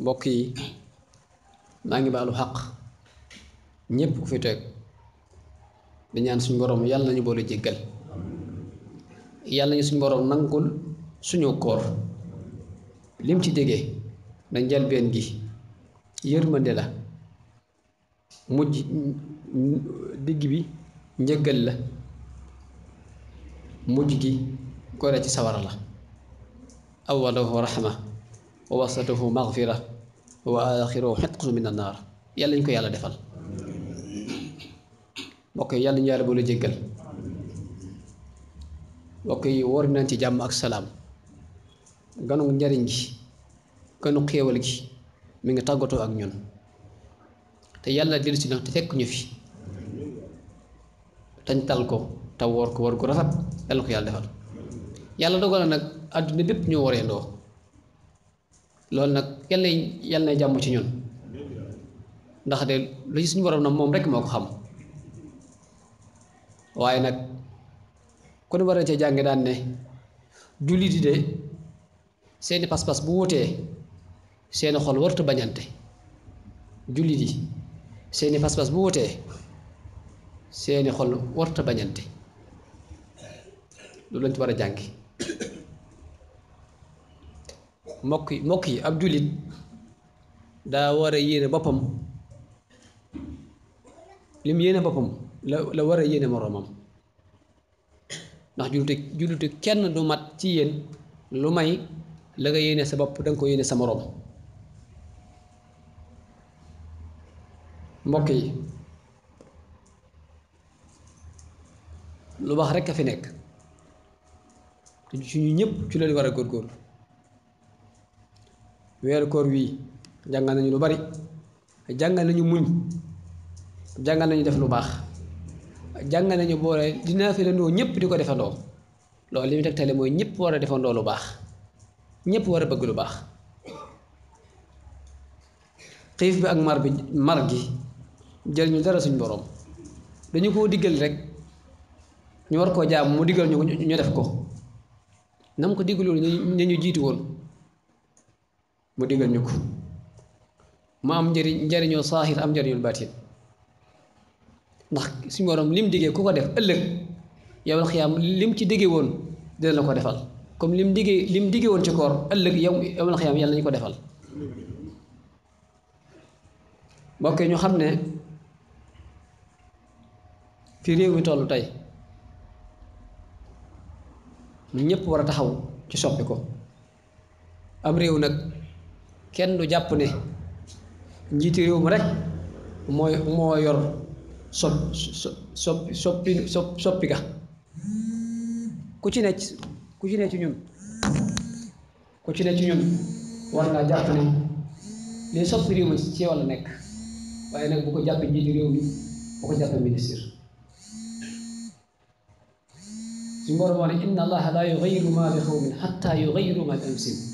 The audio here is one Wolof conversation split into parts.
mbokk yi maa ngi baalu xaq ñépp ku fi teg di ñaan suñu borom yàlla nañu boole jéggal yàlla nañu suñu borom nangul suñu koor lim ci jege na njalbeen gi yërmande la mujj digg bi njëggal la mujj gi gore ci sawara la rahma wa wasatuhu maxfira wa axiru xitqatu min annaar yàlla ñu ko yàlla defal mbokk yi yàlla ñu yàlla boole jéggal mbokk yi woor nañ ci jàmm ak salaam ganu njariñ gi ganu xéewal gi mi ngi tàggatoo ak ñun te yàlla dellu si nag te fekk ñu fi tañ tal ko te woor ko war gu rafet yàlla ko yàlla defal yàlla dogal nag àdduna bépp ñu ndoo loolu nag yàlla yàlla na ci ñun ndax de lu suñu waroon nag moom rek moo ko xam waaye nag kon war a cee jànge daan ne jullit yi de seeni pas-pas bu wutee seeni xol warta bañante jullit yi seeni pas bu wutee seeni xol warta bañante loolu lañ ci war a jàngi mbokk yi mbokk yi ak jullit daa war a yéene boppam lim yéene boppam la la war a yéene moroomam ndax jullite jullite kenn du mat ci yéen lu may la nga yéene sa bopp danga ko yéene sa moroom mbokk yi lu baax rekk a fi nekk te ci ñu ñëpp ci loolu war a góorgóorlu weeru koor wii jàngal nañu lu bari jàngal nañu muñ jàng nañu def lu baax jàngal nañu boole dinaa fi landoo ñëpp di ko defandoo loolu li mu teg tale mooy ñëpp war a defandoo lu baax ñëpp war a bëgg lu baax xiif bi ak mar bi mar gi jël ñu dara suñ boroom dañu koo diggal rek ñu war koo jaam mu diggal ñu ñu def ko nam ko diggaloo ñu ñu jiitu woon mu digal ñu ko mu am njëriñ njëriñoo saahir am njëriñul baatin ndax suñu borom lim diggee ku ko def ëllëg yow xiyam lim ci diggee woon dina la ko defal comme lim diggee lim diggee woon ci koor ëllëg yow yow xiyam yalla ñu ko defal bokké ñu xamné ne fi réew mi tollu tay ñepp wara taxaw ci soppi ko am réew nak kenn du jàpp ne njiiti réew mi rek mooy moo yor sopp soppi soppi soppi ga ku ci ne ku ci ne ci ñun ku ci ne ci ñun war naa jàpp ne li soppi réew mi ci wàll nekk waaye nag bu ko jàppee njiiti réew mi bu ko jàppee ministre suñu borom wax ne inna allaha la yughayyiru ma bi qawmin hatta yughayyiru ma bi anfusihim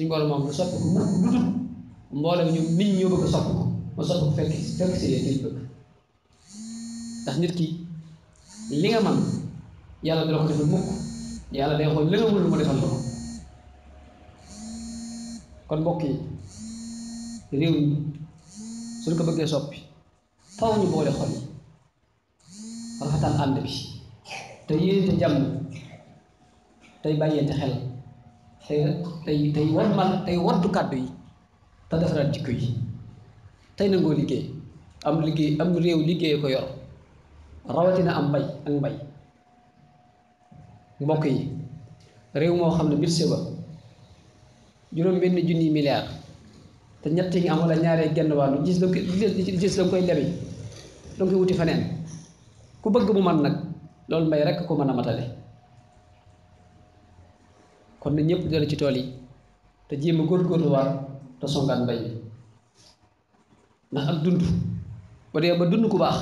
suñ borom moom lu soppi ko mu lu dul mboolem ñu nit ñoo bëgg soppi ko ma soppi ko fekk fekk si leen bëgg ndax nit ki li nga man yàlla dina ko defal mukk yàlla day xool li nga mënul mu defal ko kon mbokk yi réew suñ ko bëggee soppi ñu boole xol yi rafetal ànd bi te te jàmm tey bàyyee te xel tey tey tey wàññiwaat tey wattu kàddu yi te defaraat jikko yi tey nangoo liggéey am liggéey am réew liggéey ko yor rawatina am mbay ak mbay mbokk yi réew moo xam ne bir si ba juróom benn junni milliards te ñett yi am wala ñaaree genn wàllu gis da koy lebi da koy wuti feneen ku bëgg mu man nag loolu mbay rekk ko mën a matale kon na ñëpp dellu ci tool yi te jéem a góor te songaat dund ba ba dund ku baax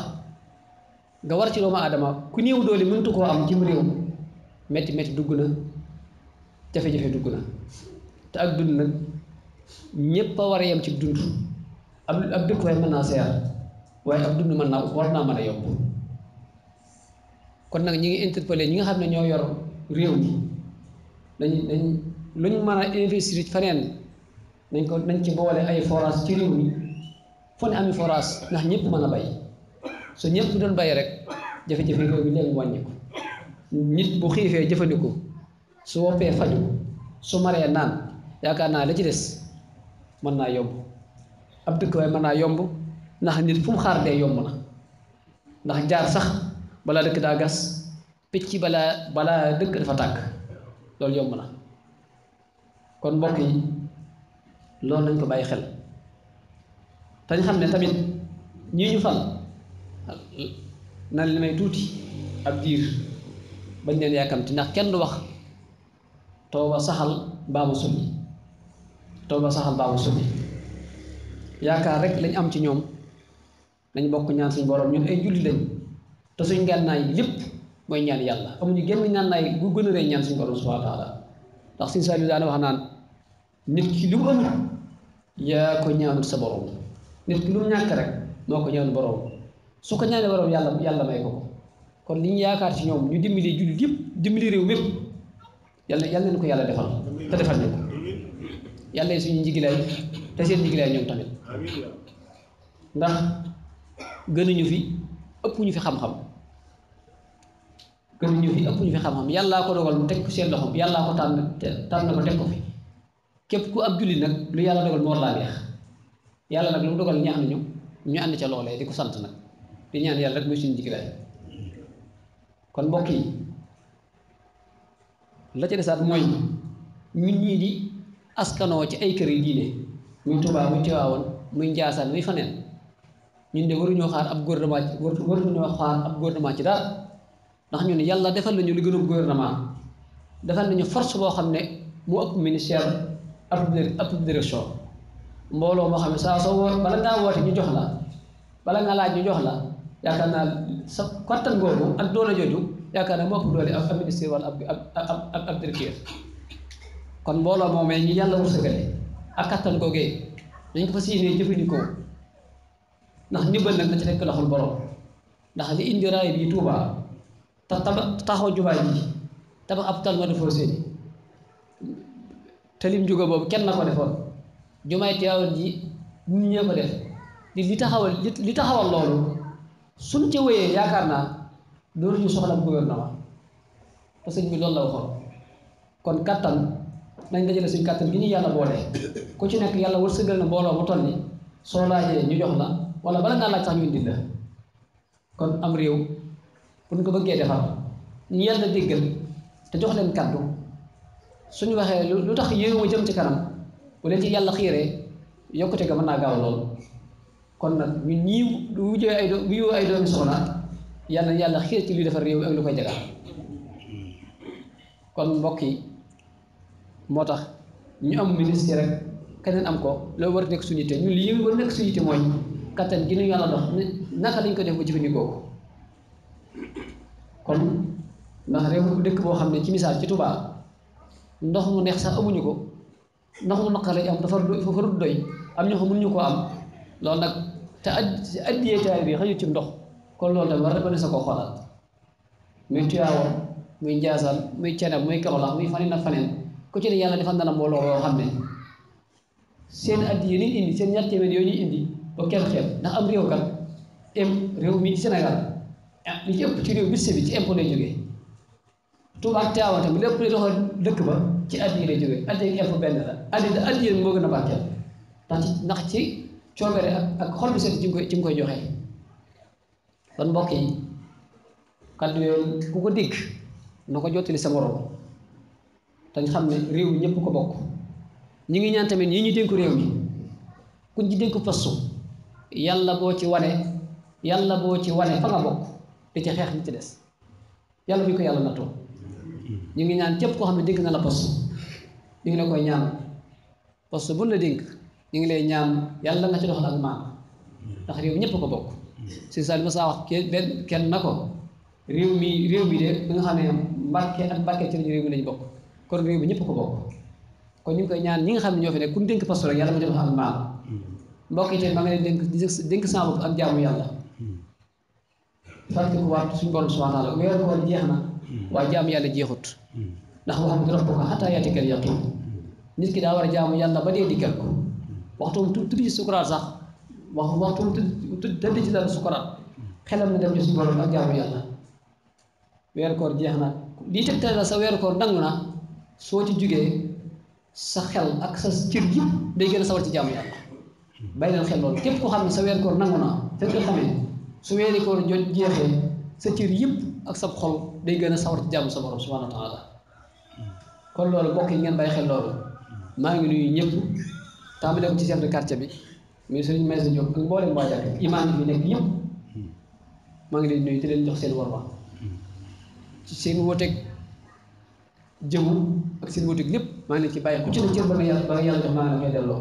nga war ci doomu aadama ku néew mëntu koo am cim réew métti métti dugg na jafe dugg na te ak dund nag ñëpp a war yem ci dund ab ab dëkkuwaay naa seer dund mën naa war naa mën a yomb kon nag ñi ngi interpellé ñi nga xam ne ñoo yor réew mi dañ dañ luñ mën a investir feneen dañ ko dañ ci boole ay forage ci réew mi fu ne ami forage ndax ñëpp mën a bay su ñëpp doon bay rek jafe-jafe réew mi léegi wàññi ko nit bu xiifee jëfandikoo su woppee faju su maree naan yaakaar naa la ci des mën naa yomb ab dëkk waay mën naa yomb ndax nit fu mu xaar dee yomb na ndax jaar sax balaa dëkk daa gas picc balaa balaa dëkk dafa tàkk loolu yomb na kon mbokk yi loolu lañ ko bàyyi xel dañ xam ne tamit ñii ñu fal na li may tuuti ab diir bañ leen yàkkamti ndax kenn du wax a saxal baabu summi tooba saxal baabu summi yaakaar rek lañ am ci ñoom dañ bokk ñaan suñu borom ñun ay julli lañ te suñ gànnaay lépp mooy ñaan yàlla amuñu genn ñaan laay bu gën a rëy ñaan suñu borom subhanahu wa taala ndax suñu saali daana wax naan nit ki li yaa ko ñaanul sa borom nit lu mu ñàkk rek moo ko ñaanul borom su ko ñaanee borom yàlla yàlla may ko ko kon li ñu yaakaar ci ñoom ñu dimbali jullit yëpp dimbali réew mépp yàlla yàlla nañu ko yàlla defal te defal ñu ko yàlla suñu njigilaay te seen njigilaay ñoom tamit ndax gënuñu fi ëpp ñu fi xam-xam gëm ñu fi ëpp ñu fi xam-xam yàllaa ko dogal mu teg ko seen loxom yàllaa ko tànn tànn ko teg ko fi képp ku ab julli nag lu yàlla dogal moo laa neex yàlla nag lu mu dogal ñaax nañu ñu ànd ca loolee di ko sant nag di ñaan yàlla rek muy suñu jiglaay kon mbokk yi la ca desaat mooy ñun ñii di askanoo ci ay kër yi diine muy Tuubaa muy Tiwaawoon muy Njaasaan muy faneen ñun de waruñoo xaar ab gouvernement waruñoo xaar ab gouvernement ci ndax ñu ñun yàlla defal nañu li gënum gouvernement defal nañu force boo xam ne mu ëpp ministère ab direction mbooloo moo xam ne saa soo woo bala ngaa woote ñu jox la bala nga laaj ñu jox la yaakaar naa sa kattan googu ak doole jooju yaakaar naa moo ëpp doole ak ministère wala ak ak ak ak directeur kon mbooloo moomee ñu yàlla wërsëgale ak kattan googee dañ ko fas yéenee jëfandikoo ndax ndimbal nag na ci fekk loxol borom ndax li indi raay bi tuubaa tax taxaw jubaay ji tabax ab Talmadou Fousseyni te lim juga boobu kenn na ko defoon jumaay Tiwaawan ji nit ñee ko def li taxawal li taxawal loolu suñ ca wéyee yaakaar naa loolu ñu soxla gouvernement te sëñ bi loolu la waxoon kon kattan nañ dajale suñ kattan gi ñu yàlla boole ku ci nekk yàlla wërsëgal na mbooloo mu toll ni soo laajee ñu jox la wala bala ngaa laaj sax ñu indil la kon am réew. bu ñu ko bëggee defar ñu yàlla déggal te jox leen su ñu waxee lu tax yéew a jëm ci kanam bu leen ci yàlla xiiree yokkute ga mën naa gaaw lool kon nag ñun ñii wujjee ay do wuyoo ay doomi soxna yàlla yàlla xiir ci luy defar réew ak lu koy jagal kon mbokk yi moo tax ñu am ministre rek keneen am ko loolu war nekk suñu yitte ñun lii war nekk suñu mooy kattan gi ñu yàlla dox naka ko def ba jëfandikoo ko kon ndax réew dëkk boo xam ne ci misaal ci Touba ndox mu neex sax amuñu ko ndox mu naqar lañ am dafa dafa rut doy am ñoo xam mënuñu koo am loolu nag te ad addiyee taay bi xëyut ci ndox kon loolu tamit war sa koo xoolal muy Tiwaawan muy Njaasaan muy Ceneb muy Kawlax muy faneen ak faneen ku ci mbooloo boo xam ne seen indi seen ñaar téeméer indi ba kenn xeeb ndax am réew mi Sénégal Ah, li ci ëpp ci réew budget bi ci impôt lay jógee Tuubaa Tiwaawan tamit lépp li doxal dëkk ba ci addiya lay jógee addiya impôt benn la addiya addiya moo gën a barkeel ndax ci ndax ci coobere ak ak xol bu set ci nga koy ci joxe kon mbokk yi kàddu yoon ku ko dikk na ko jottali sa morom dañ xam ne réew mi ñëpp ko bokk ñu ngi ñaan tamit ñi ñu dénk réew mi kuñ ci dénku fastu yàlla boo ci wane yàlla boo ci wane fa nga bokk di ci xeex ñi ci des yàlla bi ñu ko yàlla nattoo ñu ngi ñaan képp koo xam ne dénk na la poste ñu ngi la koy ñaan poste bu la dénk ñu ngi lay ñaan yàlla nga ci doxal ak maam ndax ñëpp ko bokk si saa li ma saa wax kenn kenn na ko réew mi réew mi de bi nga xam ne mbàkke ak mbàkke ci lañu réew mi lañu bokk kon réew mi ñëpp ko bokk kon ñu ngi koy ñaan ñi nga xam ne ñoo fi nekk ku dénk poste rek yàlla nga ci doxal ak maam mbokk yi tey maa ngi leen dénk dénk ak jaamu yàlla fàttalikuwaat suñu borom subhaana taala weeru koor jeex na hmm. waa jaam yàlla jeexut hmm. ndax wax dëgg rabbuka hattaa yaatikal yaqiin hmm. nit ki daa war a jaamu yàlla ba dee dikkal ko waxtu mu tudd sax wax waxtu mu tudd tëdd dem ci suñu borom ak jaamu jeex na lii tegtal la sa weeru koor nangu na soo ci jugee sa xel ak sa cër yëpp day gën a sawar ci jaamu yàlla bàyyi leen xel loolu képp ko xam ne sa weeru koor naa na fekk nga xamee su weeri koor jot jeexee sa cër yëpp ak sa xol day gën a sawar ci jàmm sa borom subhanahu wa taala loolu mbokk yi ngeen bàyyi xel maa ngi nuyu ñëpp tàmbale ko ci chef de quartier bi muy sëriñ Maysa Diop ak mboolem waa jàkk bi nekk ñëpp ngi leen nuyu di leen jox seen war ci seen woteeg jëmu ak seen woteeg lépp maa ngi leen ci bàyyi ku ci ne cër ba nga yàlla ba nga yàlla jox maa ngi leen koy delloo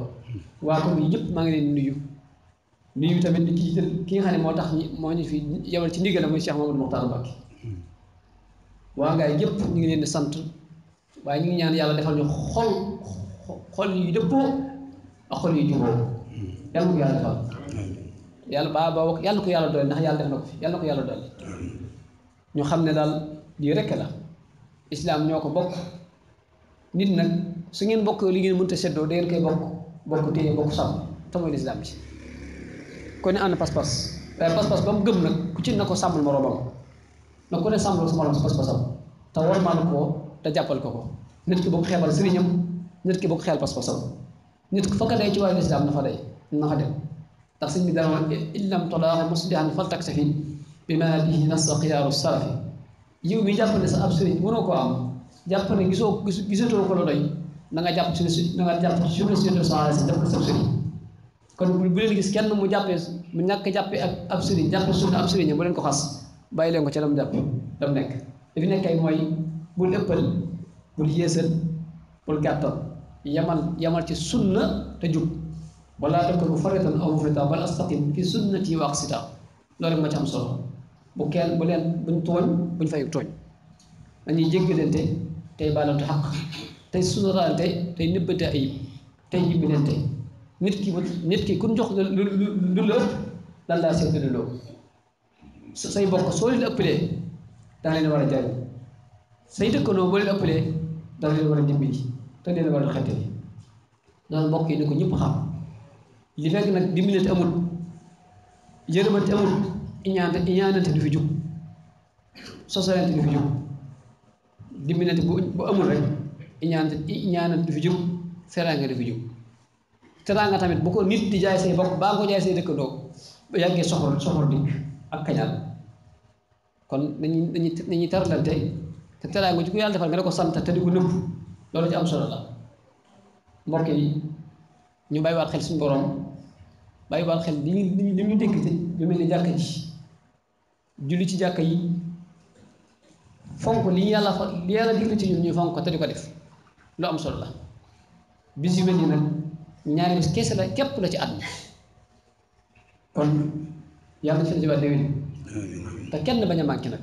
waa ko bi ñëpp maa ngi leen nuyu nuyu tamit di ci ki moo tax moo ñu fi yebal ci ndigal la muy Cheikh Mamadou Mokhtar Mbacké waa ngaay ñu ngi leen di sant waaye ñu ngi ñaan yàlla defal ñu xol xol yu xol yu juboo yàlla ko ko yàlla doole ndax yàlla na ko fi yàlla ko yàlla doole xam ne daal lii rekk la islaam ñoo ko bokk nit nag su ngeen bokk li ngeen mënta seddoo da ngeen koy bokk bokk téye bokk sàmm te mooy ci ku ne am na pas-pas waaye pas-pas ba mu gëm nag ku ci na ko sàmmal moroomam na ku ne sàmmal sa moroom sa pas-pasam te warmaal ko te jàppal ko ko nit ki bu ko xeebal sëriñam nit ki bu ko xeel pas-pasam nit ki fa ko day ci waaye lislaam na fa day na fa dem ndax sëñ bi dana wax in lam tolaaxa muslihan fal taktafi bi ma bihi nassa xiyaaru salafi jàpp ne sa ab sëriñ mënoo ko am jàpp ne gisoo gisatoo ko la doy na nga jàpp si na nga jàpp si suñu sëriñ def ko sa kon bu leen gis kenn mu jàppee mu ñàkk jàppee ak ab sëriñ jàppee sunna ab sëriñ bu leen ko xas bàyyi leen ko ca la mu jàpp nekk mu nekk dafi nekkay mooy bul ëppal bul yéesal bul gàttal yamal yamal ci sunna te jub wala takun mufarritan aw mufritan bal astaqim fi sunnati wa aqsita loolu rek ma am solo bu kenn bu leen buñ tooñ buñ fay tooñ dañuy jéggalante tey baalante xaq tey sunnalante tey nëbbante tey tey yibbilante nit ki nit ki kun jox lu lu la ëpp lan laa seetlu loo say bokk soo leen ëppalee da leen war a jariñ say dëkkandoo boo leen ëppalee da leen war a dimbali te leen war a xettali loolu mbokk yi ni ko ñëpp xam li fekk nag dimbalante amul yërëmante amul iñaante iñaanante du fi jug sosalante du fi jug dimbalante bu amul rek iñaante iñaanante du fi jug seraanga du fi jug teraanga tamit bu ko nit di jaay say bokk baa nga ko jaay say dëkk doo bu yàggee soxor soxor di ak kañal kon dañuy dañuy dañuy tarlante te teraanga ji ko yàlla defal nga ne ko sant te di ko nëbb loolu ci am solo la mbokk yi ñu bàyyiwaat xel suñu borom bàyyiwaat xel li ñu li te lu mel ni jàkka ji julli ci jàkka yi fonk li yàlla fa li yàlla digle ci ñun ñu fonk ko te di ko def lu am solo la bis yu ñaari kese la képp la ci at kon yàlla na fi ci waat te kenn bañ a manqué nag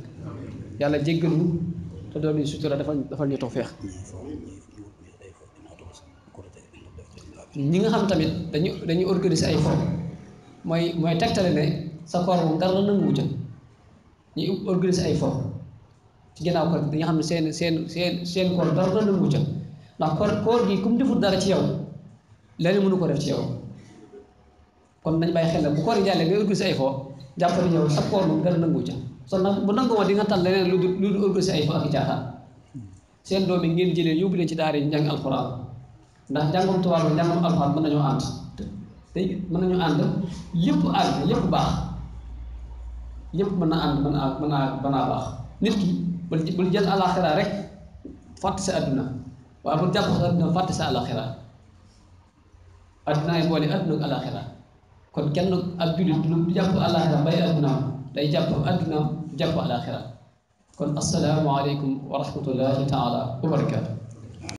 yàlla jéggal ñu te doon ñu sutura dafa dafa ñu tawfeex ñi nga xam tamit dañu dañuy organiser ay for mooy mooy tegtale ne sa koor moom dara nangu jël ñuy organiser ay for ci ginnaaw koor bi nga xam ne seen seen seen seen koor dara nangu jël ndax koor koor gi comme defut dara ci yow leneen mënu ko def ci yow kon dañ bàyyi xel la bu koor yi jàllee ngay organiser ay fo jàppale yow sa koor moom bu nangu ma di nga tànn leneen lu dul lu dul organiser seen doom yi ngeen jëlee yóbbu leen ci daara yi njàng alxuraan ndax njàngum tubaab bi njàngum alxuraan mën nañoo ànd te mën nañoo ànd yépp ànd yëpp baax yëpp mën na ànd mën naa mën naa mën naa baax nit ki bul jël alaxira rek fàtte si àdduna waaye bul jàpp sa adduna fàtte sa alaxira adduna ay boole adduna ak alaxira kon kenn ab jullit lu jàpp alaxira bàyyi addunaam day jàpp addunaam jàpp alaxira kon asalaamaaleykum wa rahmatullahi taala wa barakaatu